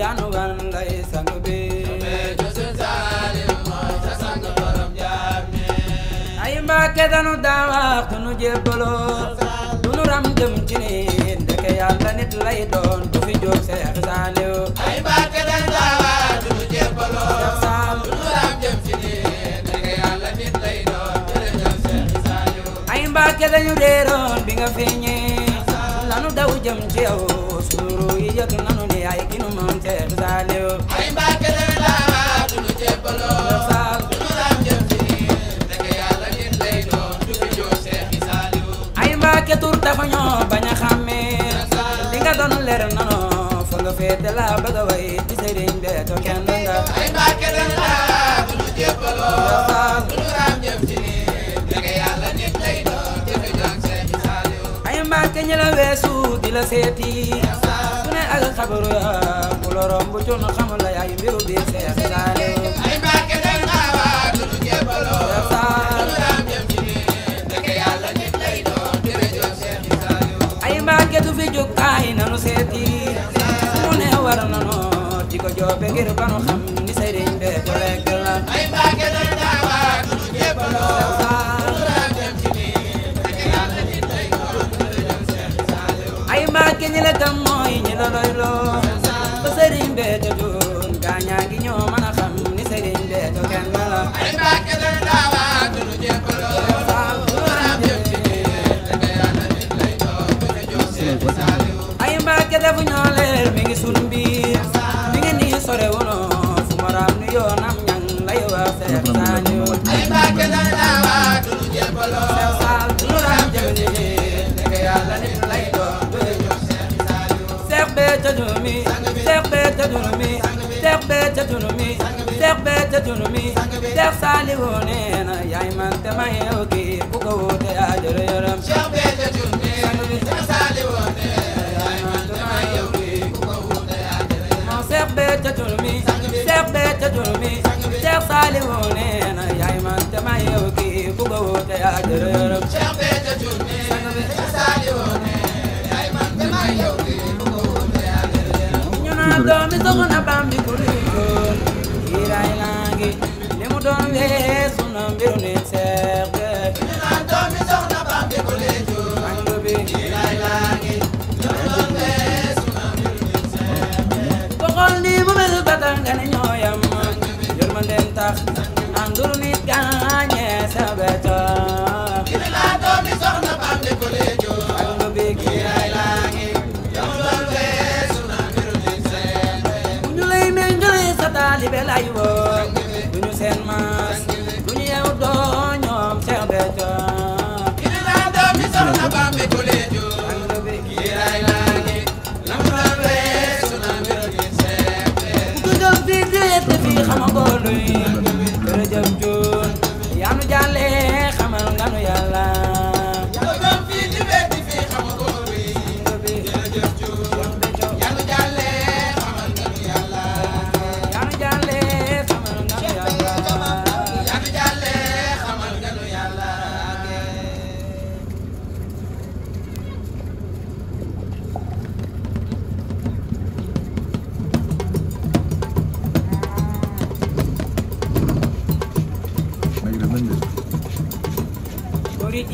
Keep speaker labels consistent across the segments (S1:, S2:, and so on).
S1: yanu gan lay ay Mbàkke danu daawa ku nu jébbaloo du nu ram jëm ci ni ndeke yàlla nit lay fi jóg Seex Saaliw ay Mbàkke danu daawa ku nu jébbaloo du nu ram jëm ci ni ndeke yàlla nit lay doon ay Mbàkke dañu réeroon bi nga feeñee sanu daw jëm ci yow suuru yi yëg nanu ne ay ginu maam seetu saaliw ay mbàkke la laa dunu jébbaloo ke tur dafa ñoo bañ a xàmmee li nga doon leer nono fa nga féete la bëgg a way ci sëriñ be to kenn nga ay mbàkke dañ la bu ñu jébbaloo bu ñu raam jëm ci nii fekk ñi la weesu di la seeti su ak xabaru ya ku la romb cun la yaay mbiru biir seex saale ay mbàkke dañ xaawa dunu jébbaloo seex saal seeti mu ne war nanu di ko joobe ngir banu xam ni sëriñ bee lekk la ay mbàkke dañ xaawa dunu jébbaloo 你来等。junumi Seex Béthio junumi Seex Béthio junumi Seex Béthio junumi Seex Saaliwu te may ogi ku ko wuute yaa jël yërëm Seex Béthio junumi Seex Saaliwu nee te may ogi ku ko wuute yaa ab doomi soxna Bambi ku réeroon kiiraay laangi li mu doon weesu na mbiru ne seex taalibe lay woon duñu seen maas duñu yew doo ñoom Seex Béthio kini laa doomi Soxna Bambi ku leen ju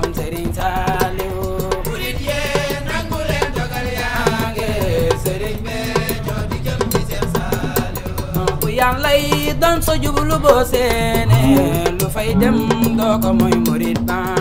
S1: maam Serigne Saliou oh. murit yee nangu leen dogal yaa ngi Serigne Béthio di jëm ci Seex Saliou oh. uh, bu yàlla yi doon sa jublu boo seene mm. lu fay dem doo ko mooy murit baa